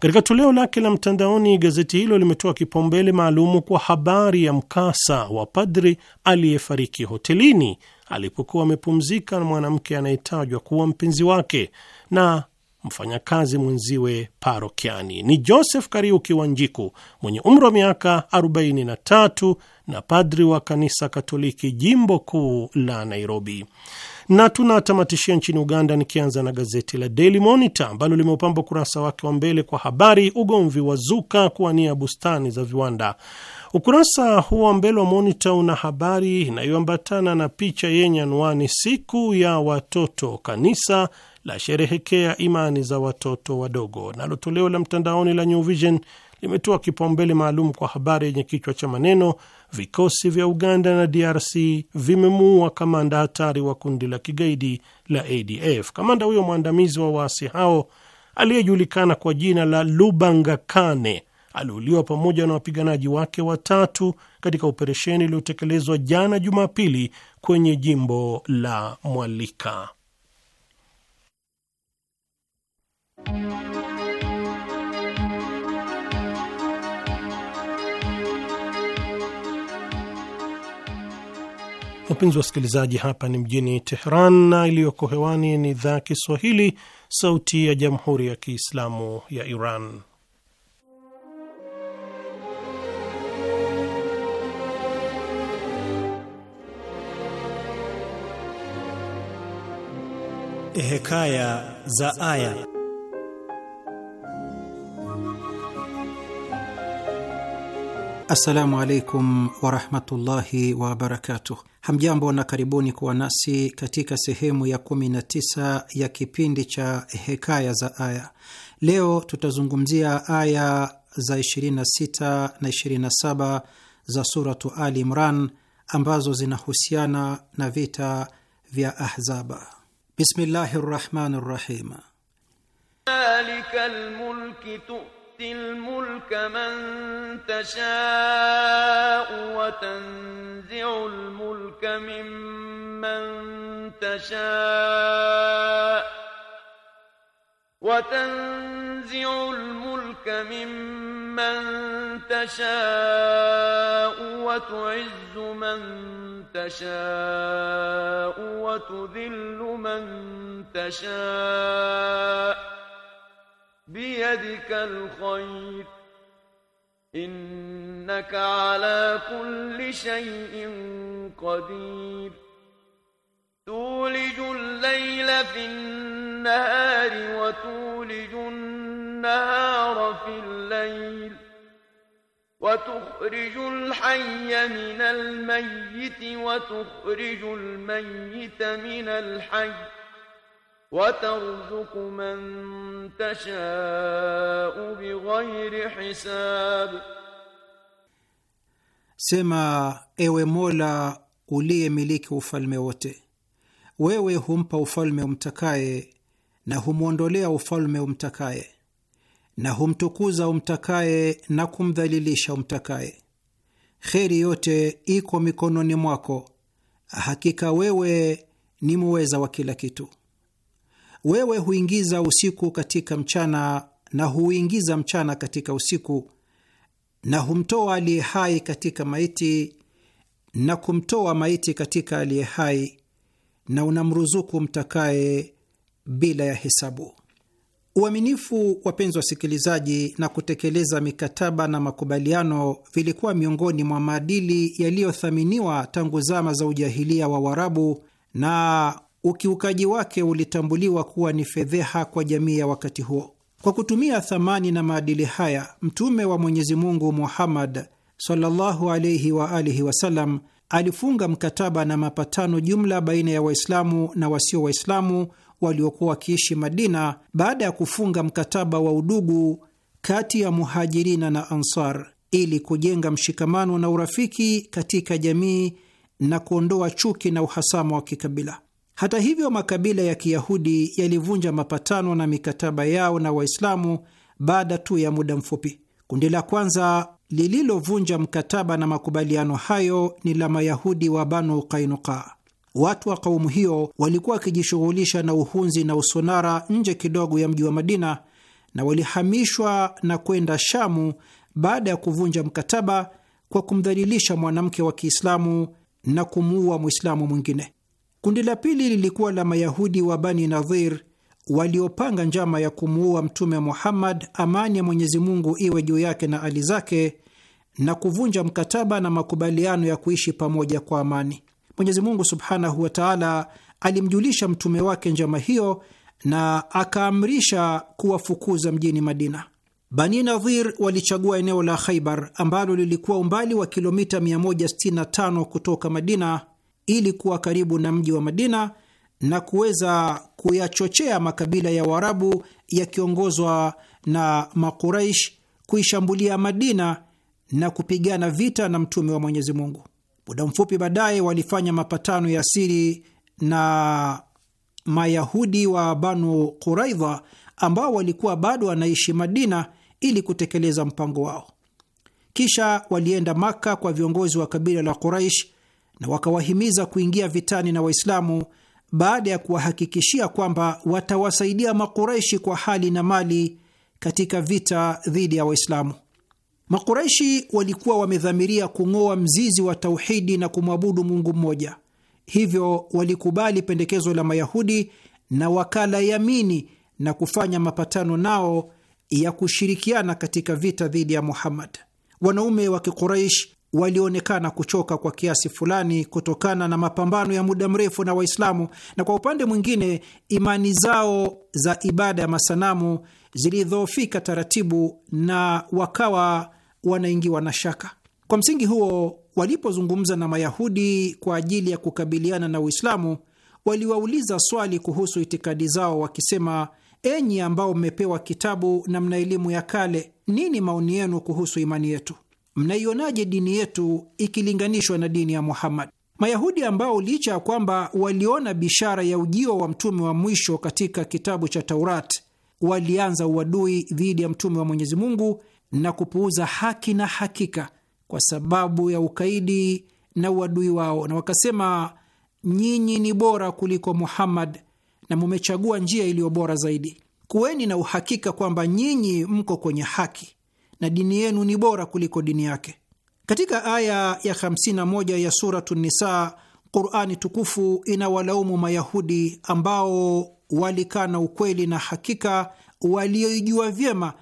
Katika toleo lake la mtandaoni, gazeti hilo limetoa kipaumbele maalumu kwa habari ya mkasa wa padri aliyefariki hotelini alipokuwa amepumzika na mwanamke anayetajwa kuwa mpenzi wake na mfanyakazi mwenziwe parokiani ni Joseph Kariuki Wanjiku mwenye umri wa miaka 43 na padri wa kanisa Katoliki jimbo kuu la Nairobi. Na tunatamatishia nchini Uganda, nikianza na gazeti la Daily Monitor ambalo limeupamba ukurasa wake wa mbele kwa habari ugomvi wa zuka kuwania bustani za viwanda. Ukurasa huo wa mbele wa Monita una habari inayoambatana na picha yenye anwani siku ya watoto, kanisa la sherehekea imani za watoto wadogo. Nalo toleo la mtandaoni la New Vision limetoa kipaumbele maalum kwa habari yenye kichwa cha maneno vikosi vya Uganda na DRC vimemuua kamanda hatari wa kundi la kigaidi la ADF. Kamanda huyo mwandamizi wa waasi hao aliyejulikana kwa jina la Lubanga Kane aliuliwa pamoja na wapiganaji wake watatu katika operesheni iliyotekelezwa jana Jumapili kwenye jimbo la Mwalika. Wapenzi wa wasikilizaji, hapa ni mjini Teheran na iliyoko hewani ni idhaa ya Kiswahili, Sauti ya Jamhuri ya Kiislamu ya Iran. Eh, hekaya za Aya. Assalamu alaikum warahmatullahi wabarakatuh. Hamjambo na karibuni kuwa nasi katika sehemu ya 19 ya kipindi cha Hekaya za Aya. Leo tutazungumzia aya za 26 na 27 za Suratu Ali Imran ambazo zinahusiana na vita vya Ahzaba. بسم الله الرحمن الرحيم ذلك الملك تؤتي الملك من تشاء وتنزع الملك ممن تشاء وتنزع الملك ممن تشاء وتعز من تشاء وتذل من تشاء بيدك الخير إنك على كل شيء قدير تولج الليل في النهار وتولج النهار في الليل وتخرج الحي من الميت وتخرج الميت من الحي وترزق من تشاء بغير حساب Sema, ewe Mola uliyemiliki ufalme wote wewe humpa ufalme umtakaye na humwondolea ufalme umtakaye na humtukuza umtakaye na kumdhalilisha umtakaye. Kheri yote iko mikononi mwako, hakika wewe ni muweza wa kila kitu. Wewe huingiza usiku katika mchana na huuingiza mchana katika usiku, na humtoa aliye hai katika maiti na kumtoa maiti katika aliye hai na unamruzuku mtakaye bila ya hesabu. Uaminifu, wapenzi wasikilizaji, na kutekeleza mikataba na makubaliano vilikuwa miongoni mwa maadili yaliyothaminiwa tangu zama za ujahilia wa warabu na ukiukaji wake ulitambuliwa kuwa ni fedheha kwa jamii ya wakati huo. Kwa kutumia thamani na maadili haya, Mtume wa Mwenyezi Mungu Muhammad sallallahu alayhi wa alihi wasallam alifunga mkataba na mapatano jumla baina ya Waislamu na wasio Waislamu waliokuwa wakiishi Madina baada ya kufunga mkataba wa udugu kati ya Muhajirina na Ansar ili kujenga mshikamano na urafiki katika jamii na kuondoa chuki na uhasama wa kikabila. Hata hivyo, makabila ya Kiyahudi yalivunja mapatano na mikataba yao na Waislamu baada tu ya muda mfupi. Kundi la kwanza lililovunja mkataba na makubaliano hayo ni la Mayahudi wa Banu Kainuka. Watu wa kaumu hiyo walikuwa wakijishughulisha na uhunzi na usonara nje kidogo ya mji wa Madina na walihamishwa na kwenda Shamu baada ya kuvunja mkataba kwa kumdhalilisha mwanamke wa Kiislamu na kumuua Mwislamu mwingine. Kundi la pili lilikuwa la Mayahudi wa Bani Nadhir waliopanga njama ya kumuua Mtume Muhammad, amani ya Mwenyezi Mungu iwe juu yake na ali zake, na kuvunja mkataba na makubaliano ya kuishi pamoja kwa amani. Mwenyezi Mungu subhanahu wa taala alimjulisha mtume wake njama hiyo na akaamrisha kuwafukuza mjini Madina. Bani Nadhir walichagua eneo la Khaibar ambalo lilikuwa umbali wa kilomita 165 kutoka Madina ili kuwa karibu na mji wa Madina na kuweza kuyachochea makabila ya Waarabu yakiongozwa na Makuraish kuishambulia Madina na kupigana vita na mtume wa Mwenyezi Mungu. Muda mfupi baadaye walifanya mapatano ya siri na Mayahudi wa Banu Quraidha ambao walikuwa bado wanaishi Madina ili kutekeleza mpango wao. Kisha walienda Maka kwa viongozi wa kabila la Quraish na wakawahimiza kuingia vitani na Waislamu baada ya kuwahakikishia kwamba watawasaidia makuraishi kwa hali na mali katika vita dhidi ya Waislamu. makuraishi walikuwa wamedhamiria kung'oa mzizi wa tauhidi na kumwabudu Mungu mmoja, hivyo walikubali pendekezo la Mayahudi na wakala yamini na kufanya mapatano nao ya kushirikiana katika vita dhidi ya Muhammad. Wanaume wa Kikuraish walionekana kuchoka kwa kiasi fulani kutokana na mapambano ya muda mrefu na Waislamu, na kwa upande mwingine imani zao za ibada ya masanamu zilidhoofika taratibu na wakawa wanaingiwa na shaka. Kwa msingi huo, walipozungumza na Mayahudi kwa ajili ya kukabiliana na Uislamu, waliwauliza swali kuhusu itikadi zao wakisema, enyi ambao mmepewa kitabu na mna elimu ya kale, nini maoni yenu kuhusu imani yetu? mnaionaje dini yetu ikilinganishwa na dini ya Muhammad? Mayahudi ambao licha ya kwamba waliona bishara ya ujio wa mtume wa mwisho katika kitabu cha Taurat, walianza uadui dhidi ya mtume wa Mwenyezi Mungu na kupuuza haki na hakika kwa sababu ya ukaidi na uadui wao, na wakasema, nyinyi ni bora kuliko Muhammad na mumechagua njia iliyo bora zaidi. Kuweni na uhakika kwamba nyinyi mko kwenye haki na dini yenu ni bora kuliko dini yake. Katika aya ya 51 ya Suratu Nisa, Qurani tukufu inawalaumu Mayahudi ambao walikana ukweli na hakika walioijua vyema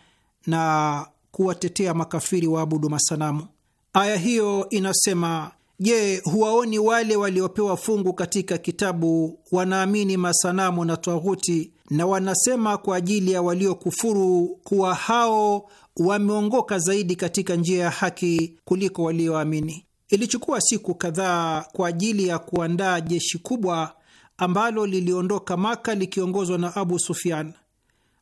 na kuwatetea makafiri waabudu masanamu. Aya hiyo inasema: Je, huwaoni wale waliopewa fungu katika kitabu wanaamini masanamu na twaghuti, na wanasema kwa ajili ya waliokufuru kuwa hao wameongoka zaidi katika njia ya haki kuliko walioamini. Ilichukua siku kadhaa kwa ajili ya kuandaa jeshi kubwa ambalo liliondoka Maka likiongozwa na Abu Sufyan.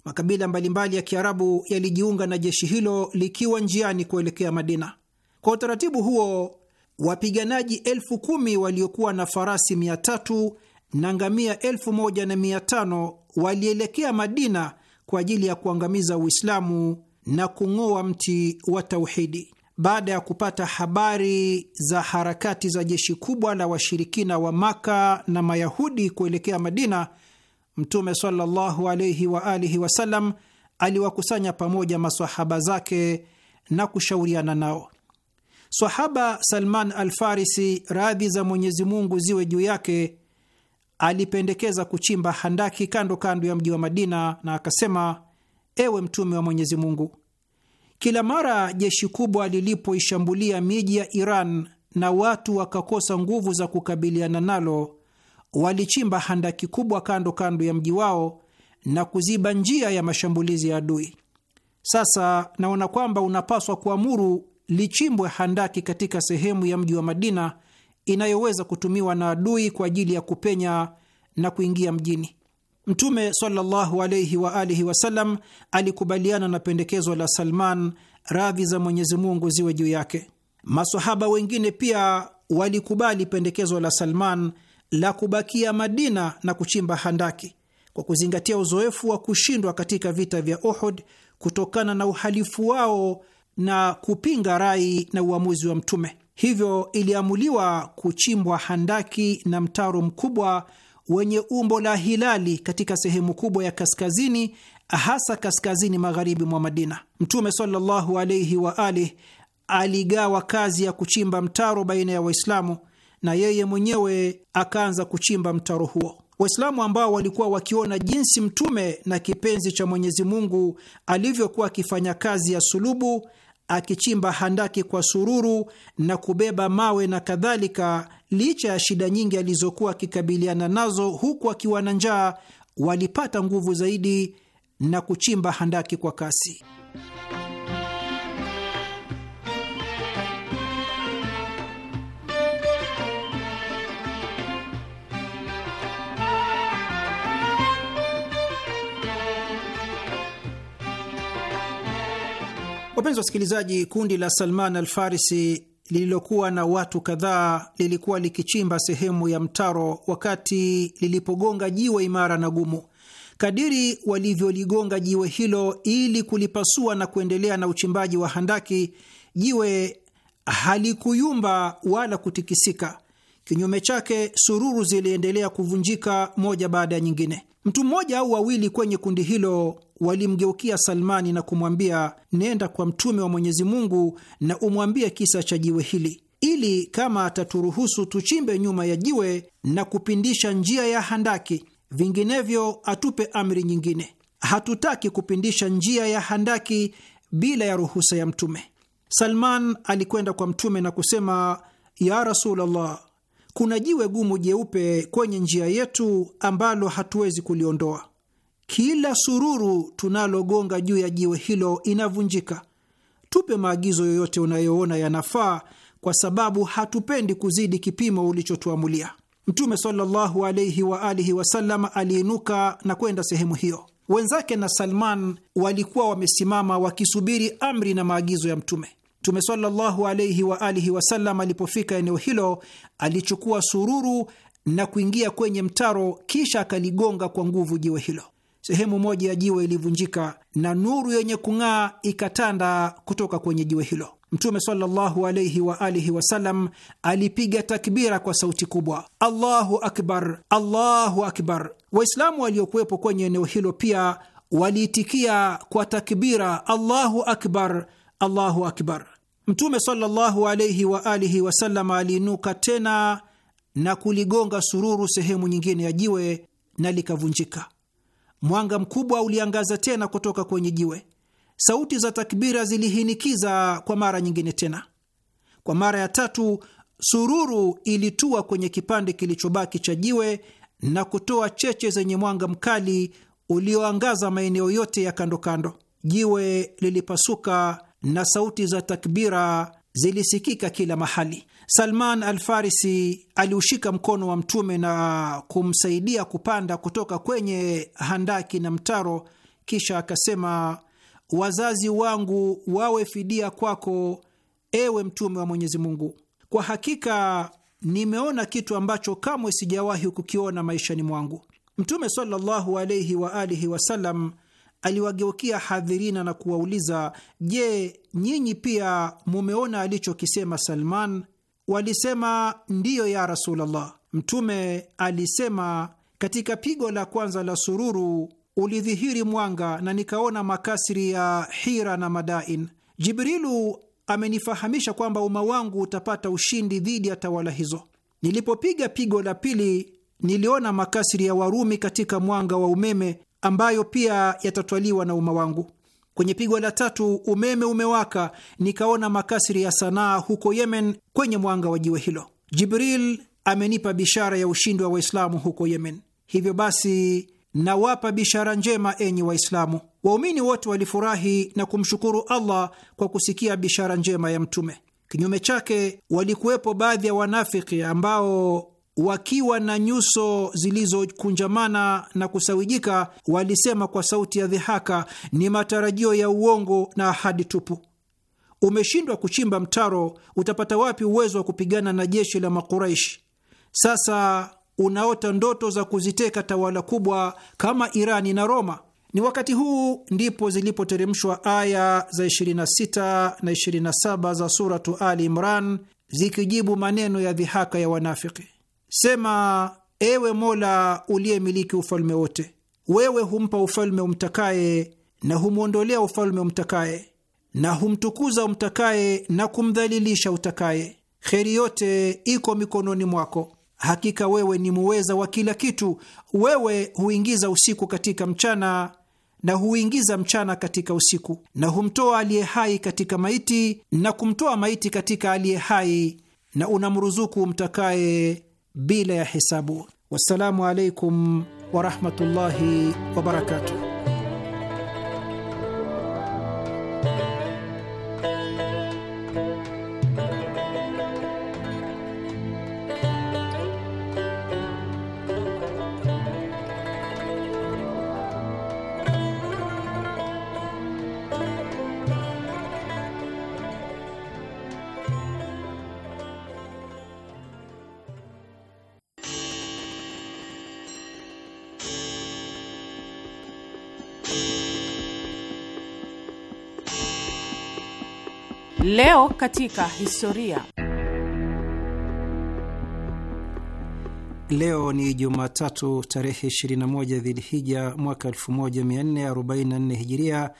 Makabila mbalimbali ya Kiarabu yalijiunga na jeshi hilo likiwa njiani kuelekea Madina. Kwa utaratibu huo, wapiganaji elfu kumi waliokuwa na farasi mia tatu na ngamia elfu moja na mia tano walielekea Madina kwa ajili ya kuangamiza Uislamu na kung'oa mti wa tauhidi. Baada ya kupata habari za harakati za jeshi kubwa la washirikina wa Maka na Mayahudi kuelekea Madina, Mtume sallallahu wa alihi wasallam aliwakusanya pamoja masahaba zake na kushauriana nao. Sahaba Salman Alfarisi, radhi za Mwenyezi Mungu ziwe juu yake, alipendekeza kuchimba handaki kando kando ya mji wa Madina na akasema Ewe mtume wa Mwenyezi Mungu, kila mara jeshi kubwa lilipoishambulia miji ya Iran na watu wakakosa nguvu za kukabiliana nalo, walichimba handaki kubwa kando kando ya mji wao na kuziba njia ya mashambulizi ya adui. Sasa naona kwamba unapaswa kuamuru lichimbwe handaki katika sehemu ya mji wa Madina inayoweza kutumiwa na adui kwa ajili ya kupenya na kuingia mjini. Mtume sallallahu alayhi wa alihi wasallam alikubaliana na pendekezo la Salman, radhi za Mwenyezi Mungu ziwe juu yake. Masahaba wengine pia walikubali pendekezo la Salman la kubakia Madina na kuchimba handaki kwa kuzingatia uzoefu wa kushindwa katika vita vya Uhud kutokana na uhalifu wao na kupinga rai na uamuzi wa Mtume. Hivyo iliamuliwa kuchimbwa handaki na mtaro mkubwa wenye umbo la hilali katika sehemu kubwa ya kaskazini, hasa kaskazini magharibi mwa Madina. Mtume sallallahu alaihi wa alih aligawa kazi ya kuchimba mtaro baina ya Waislamu na yeye mwenyewe akaanza kuchimba mtaro huo. Waislamu ambao walikuwa wakiona jinsi mtume na kipenzi cha Mwenyezi Mungu alivyokuwa akifanya kazi ya sulubu akichimba handaki kwa sururu na kubeba mawe na kadhalika, licha ya shida nyingi alizokuwa akikabiliana nazo huku akiwa na njaa, walipata nguvu zaidi na kuchimba handaki kwa kasi. Wapenzi wasikilizaji, kundi la Salman Alfarisi lililokuwa na watu kadhaa lilikuwa likichimba sehemu ya mtaro wakati lilipogonga jiwe imara na gumu. Kadiri walivyoligonga jiwe hilo ili kulipasua na kuendelea na uchimbaji wa handaki, jiwe halikuyumba wala kutikisika. Kinyume chake, sururu ziliendelea kuvunjika moja baada ya nyingine. Mtu mmoja au wawili kwenye kundi hilo walimgeukia Salmani na kumwambia, nenda kwa mtume wa Mwenyezi Mungu na umwambie kisa cha jiwe hili, ili kama ataturuhusu tuchimbe nyuma ya jiwe na kupindisha njia ya handaki, vinginevyo atupe amri nyingine. Hatutaki kupindisha njia ya handaki bila ya ruhusa ya mtume. Salman alikwenda kwa mtume na kusema, ya Rasulullah, kuna jiwe gumu jeupe kwenye njia yetu ambalo hatuwezi kuliondoa. Kila sururu tunalogonga juu ya jiwe hilo inavunjika. Tupe maagizo yoyote unayoona yanafaa, kwa sababu hatupendi kuzidi kipimo ulichotuamulia. Mtume sallallahu alayhi wa alihi wasallam aliinuka na kwenda sehemu hiyo. Wenzake na Salman walikuwa wamesimama wakisubiri amri na maagizo ya Mtume. Mtume sallallahu alaihi wa alihi wasallam alipofika eneo hilo alichukua sururu na kuingia kwenye mtaro, kisha akaligonga kwa nguvu jiwe hilo. Sehemu moja ya jiwe ilivunjika na nuru yenye kung'aa ikatanda kutoka kwenye jiwe hilo. Mtume sallallahu alaihi wa alihi wasallam alipiga takbira kwa sauti kubwa, Allahu akbar, Allahu akbar. Waislamu waliokuwepo kwenye eneo hilo pia waliitikia kwa takbira, Allahu akbar, Allahu akbar. Mtume sallallahu alaihi wa alihi wasallam aliinuka tena na kuligonga sururu sehemu nyingine ya jiwe na likavunjika. Mwanga mkubwa uliangaza tena kutoka kwenye jiwe. Sauti za takbira zilihinikiza kwa mara nyingine tena. Kwa mara ya tatu sururu ilitua kwenye kipande kilichobaki cha jiwe na kutoa cheche zenye mwanga mkali ulioangaza maeneo yote ya kando kando. Jiwe lilipasuka na sauti za takbira zilisikika kila mahali. Salman Alfarisi aliushika mkono wa Mtume na kumsaidia kupanda kutoka kwenye handaki na mtaro, kisha akasema, wazazi wangu wawe fidia kwako, ewe Mtume wa Mwenyezi Mungu. Kwa hakika nimeona kitu ambacho kamwe sijawahi kukiona maishani mwangu. Mtume sallallahu alaihi waalihi wasalam aliwageukia hadhirina na kuwauliza, je, nyinyi pia mumeona alichokisema Salman? Walisema ndiyo, ya Rasulullah. Mtume alisema, katika pigo la kwanza la sururu ulidhihiri mwanga na nikaona makasri ya Hira na Madain. Jibrilu amenifahamisha kwamba umma wangu utapata ushindi dhidi ya tawala hizo. Nilipopiga pigo la pili, niliona makasri ya Warumi katika mwanga wa umeme ambayo pia yatatwaliwa na umma wangu. Kwenye pigwa la tatu umeme umewaka, nikaona makasri ya Sanaa huko Yemen kwenye mwanga wa jiwe hilo. Jibril amenipa bishara ya ushindi wa Waislamu huko Yemen. Hivyo basi nawapa bishara njema, enyi Waislamu. Waumini wote walifurahi na kumshukuru Allah kwa kusikia bishara njema ya Mtume. Kinyume chake, walikuwepo baadhi ya wanafiki ambao wakiwa na nyuso zilizokunjamana na kusawijika, walisema kwa sauti ya dhihaka, ni matarajio ya uongo na ahadi tupu. Umeshindwa kuchimba mtaro, utapata wapi uwezo wa kupigana na jeshi la Makuraishi? Sasa unaota ndoto za kuziteka tawala kubwa kama Irani na Roma. Ni wakati huu ndipo zilipoteremshwa aya za 26 na 27 za Suratu Ali Imran zikijibu maneno ya dhihaka ya wanafiki. Sema, ewe Mola uliyemiliki ufalme wote, wewe humpa ufalme umtakaye na humwondolea ufalme umtakaye na humtukuza umtakaye na kumdhalilisha utakaye. Kheri yote iko mikononi mwako. Hakika wewe ni muweza wa kila kitu. Wewe huingiza usiku katika mchana na huingiza mchana katika usiku, na humtoa aliye hai katika maiti na kumtoa maiti katika aliye hai, na unamruzuku umtakaye bila ya hesabu. Wassalamu alaikum warahmatullahi wabarakatuh. Leo katika historia. Leo ni Jumatatu tarehe 21 Dhilhija mwaka 1444 Hijiria,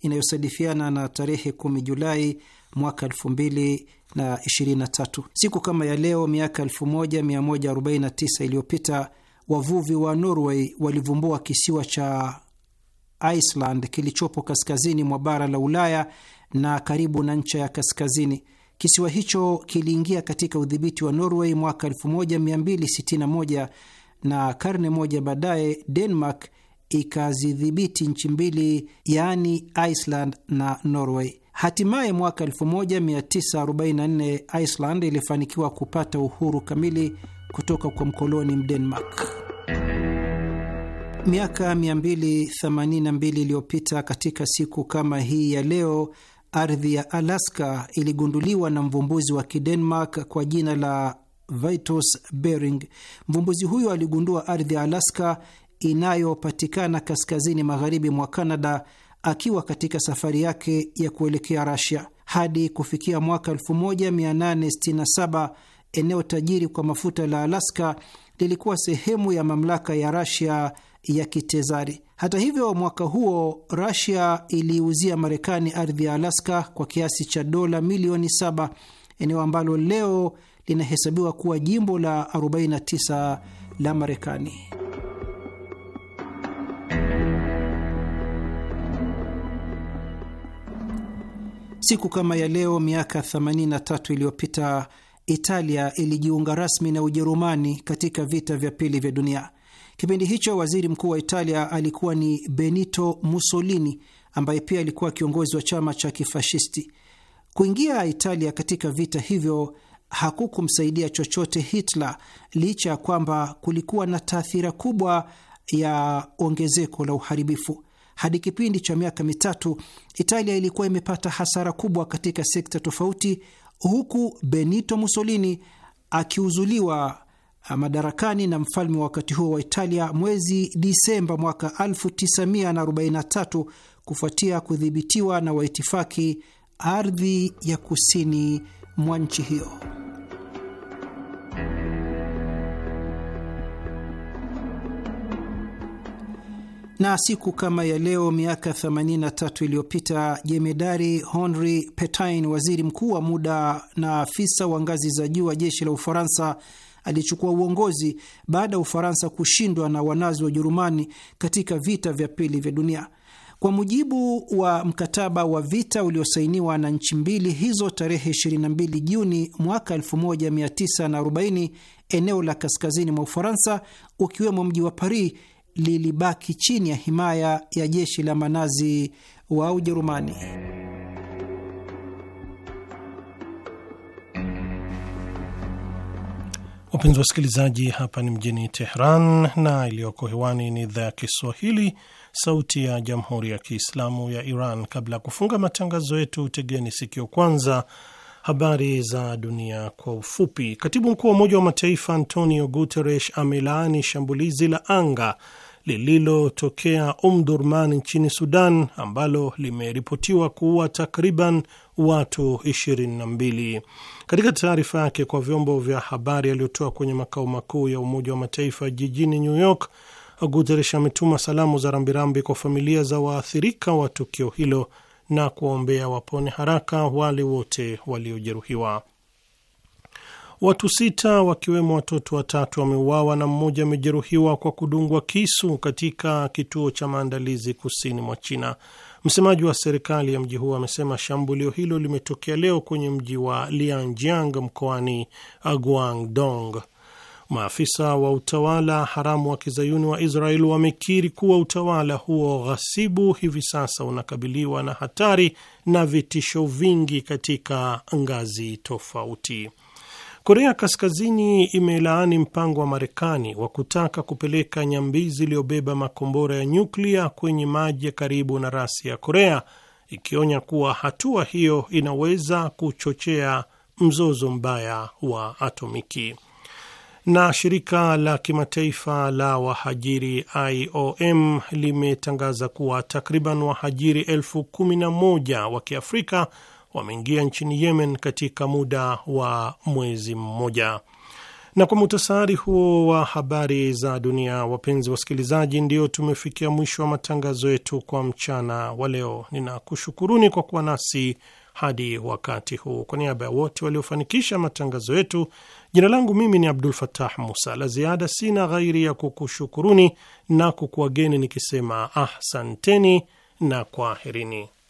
inayosadifiana na tarehe 10 Julai mwaka 2023. Siku kama ya leo miaka 1149 iliyopita wavuvi wa Norway walivumbua kisiwa cha Iceland kilichopo kaskazini mwa bara la Ulaya na karibu na ncha ya kaskazini. Kisiwa hicho kiliingia katika udhibiti wa Norway mwaka 1261 na karne moja baadaye Denmark ikazidhibiti nchi mbili, yaani Iceland na Norway. Hatimaye mwaka 1944 Iceland ilifanikiwa kupata uhuru kamili kutoka kwa mkoloni Mdenmark. Miaka 282 iliyopita katika siku kama hii ya leo ardhi ya Alaska iligunduliwa na mvumbuzi wa Kidenmark kwa jina la Vitus Bering. Mvumbuzi huyo aligundua ardhi ya Alaska inayopatikana kaskazini magharibi mwa canada akiwa katika safari yake ya kuelekea Rasia. Hadi kufikia mwaka 1867 eneo tajiri kwa mafuta la Alaska lilikuwa sehemu ya mamlaka ya Rasia ya kitezari. Hata hivyo, mwaka huo rasia iliuzia Marekani ardhi ya Alaska kwa kiasi cha dola milioni saba, eneo ambalo leo linahesabiwa kuwa jimbo la 49 la Marekani. Siku kama ya leo miaka 83 iliyopita Italia ilijiunga rasmi na Ujerumani katika vita vya pili vya dunia. Kipindi hicho waziri mkuu wa Italia alikuwa ni Benito Mussolini, ambaye pia alikuwa kiongozi wa chama cha kifashisti. Kuingia Italia katika vita hivyo hakukumsaidia chochote Hitler, licha ya kwamba kulikuwa na taathira kubwa ya ongezeko la uharibifu. Hadi kipindi cha miaka mitatu, Italia ilikuwa imepata hasara kubwa katika sekta tofauti, huku Benito Mussolini akiuzuliwa madarakani na mfalme wa wakati huo wa Italia mwezi Disemba mwaka 1943 kufuatia kudhibitiwa na waitifaki ardhi ya kusini mwa nchi hiyo. Na siku kama ya leo miaka 83 iliyopita jemedari Henri Petain, waziri mkuu wa muda na afisa wa ngazi za juu wa jeshi la Ufaransa alichukua uongozi baada ya Ufaransa kushindwa na wanazi wa Ujerumani katika vita vya pili vya dunia. Kwa mujibu wa mkataba wa vita uliosainiwa na nchi mbili hizo tarehe 22 Juni mwaka 1940, eneo la kaskazini mwa Ufaransa ukiwemo mji wa Paris lilibaki chini ya himaya ya jeshi la manazi wa Ujerumani. Wapenzi wa wasikilizaji, hapa ni mjini Tehran na iliyoko hewani ni idhaa ya Kiswahili, Sauti ya Jamhuri ya Kiislamu ya Iran. Kabla ya kufunga matangazo yetu, tegeni sikio kwanza habari za dunia kwa ufupi. Katibu mkuu wa Umoja wa Mataifa Antonio Guterres amelaani shambulizi la anga lililotokea umdurman nchini Sudan ambalo limeripotiwa kuua takriban watu mbili. Katika taarifa yake kwa vyombo vya habari aliyotoa kwenye makao makuu ya Umoja wa Mataifa jijini New York, Guterres ametuma salamu za rambirambi kwa familia za waathirika wa tukio hilo na kuwaombea wapone haraka wale wote waliojeruhiwa. Watu sita wakiwemo watoto watatu wameuawa na mmoja amejeruhiwa kwa kudungwa kisu katika kituo cha maandalizi kusini mwa China. Msemaji wa serikali ya mji huo amesema shambulio hilo limetokea leo kwenye mji wa Lianjiang mkoani Guangdong. Maafisa wa utawala haramu wa kizayuni wa israel wamekiri kuwa utawala huo ghasibu hivi sasa unakabiliwa na hatari na vitisho vingi katika ngazi tofauti. Korea Kaskazini imelaani mpango wa Marekani wa kutaka kupeleka nyambizi iliyobeba makombora ya nyuklia kwenye maji ya karibu na rasi ya Korea, ikionya kuwa hatua hiyo inaweza kuchochea mzozo mbaya wa atomiki. Na shirika la kimataifa la wahajiri IOM limetangaza kuwa takriban wahajiri elfu kumi na moja wa Kiafrika wameingia nchini Yemen katika muda wa mwezi mmoja. Na kwa mutasari huo wa habari za dunia, wapenzi wasikilizaji, ndio tumefikia mwisho wa matangazo yetu kwa mchana wa leo. Ninakushukuruni kwa kuwa nasi hadi wakati huu. Kwa niaba ya wote waliofanikisha matangazo yetu, jina langu mimi ni Abdul Fatah Musa. La ziada sina ghairi ya kukushukuruni na kukuageni nikisema ahsanteni na kwaherini.